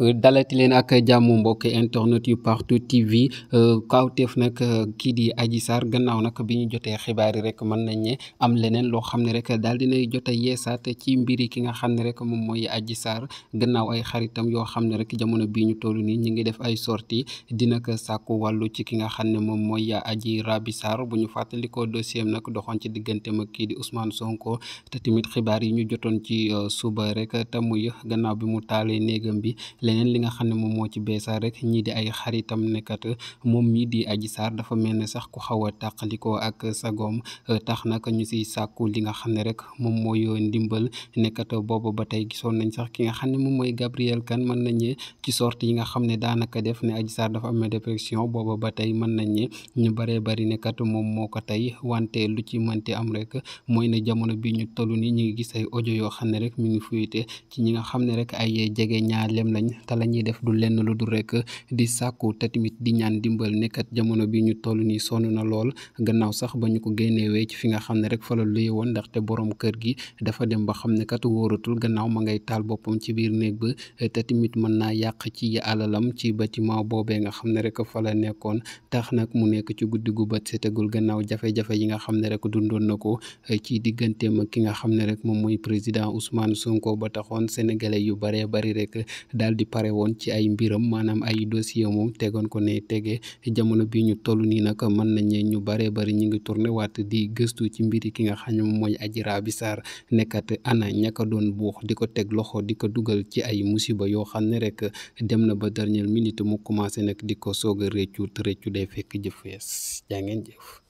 Euh, dalati leen ak jàmm mbokk internet yu partout TV euh, kawteef nag euh, kii di aji Sarr gannaaw nag bi ñu jotee xibaar yi rek mën nañ ne am leneen loo xam ne rek daal dinay jot a yeesaat ci mbiri ki nga xam ne rek moom mooy aji saar gannaaw ay xaritam yoo xam ne rek jamono bii ñu toll nii ñu ngi def ay sortie dina ko sàkku wàllu ci ki nga xam ne moom mooy aji Rabi Sarr bu ñu fàttalikoo dossier am nag doxoon ci diggante ma kii di Ousmane Sonko te tamit xibaar yi ñu jotoon ci suba rek te muy gannaaw bi mu taalee néegam bi. leneen li nga xam ne moom moo ci beesaar rek ñii di ay xaritam nekkat moom mii di Adji Sarr dafa mel ne sax ku xaw a tàqalikoo ak sagoom euh, tax nag ñu siy sàkku li nga xam ne rek moom mooy ndimbal nekkat boobu ba tey gisoon nañ sax ki nga xam ne moom mooy Gabriel Kane mën nañ ci sorte yi nga xam ne daanaka def ne Adji Sarr dafa amee dépression booba ba tey mën nañ ne ñu bëree bëri nekkat moom moo ko tey wante lu ci mënti am rek mooy ne jamono bi ñu toll ni ñu gis ay ojo yoo xam ne rek mu ngi fuyute ci ñi nga xam ne rek ay jege ñaaleem lañ te la ñuy def du lenn lu dul rek di sàkku te tamit di ñaan dimbal nekkat jamono bi ñu toll nii sonn na lool gannaaw sax ba ñu ko génnewee ci fi nga xam ne rek fa luye woon ndaxte borom kër gi dafa dem ba xam ne kat gannaaw ma ngay taal boppam ci biir néeg ba te mën naa yàq ci alalam ci bâtiment boobee nga xam ne rek fa la nekkoon tax nag mu nekk ci guddi gu bët setegul gannaaw jafe-jafe yi nga xam ne rek dundoon na ko ci digganteem ki nga xam ne rek moom mooy président Ousmane Sonko ba taxoon sénégalais yu baree bari rek daal di pare woon ci ay mbiram maanaam ay dossier moom tegoon ko ne tege jamono bi ñu toll nii nag mën nañ ñu baree bari ñu ngi tourné waat di gëstu ci mbiri ki nga xam ne moom mooy Adji Raby Sarr nekkat ana ñaka doon buux di ko teg loxo di ko dugal ci ay musiba yoo xam ne rek dem na ba dernière minute mu commencé nag di ko soog a réccu te réccu day fekk jëf fees jaa ngeen jëf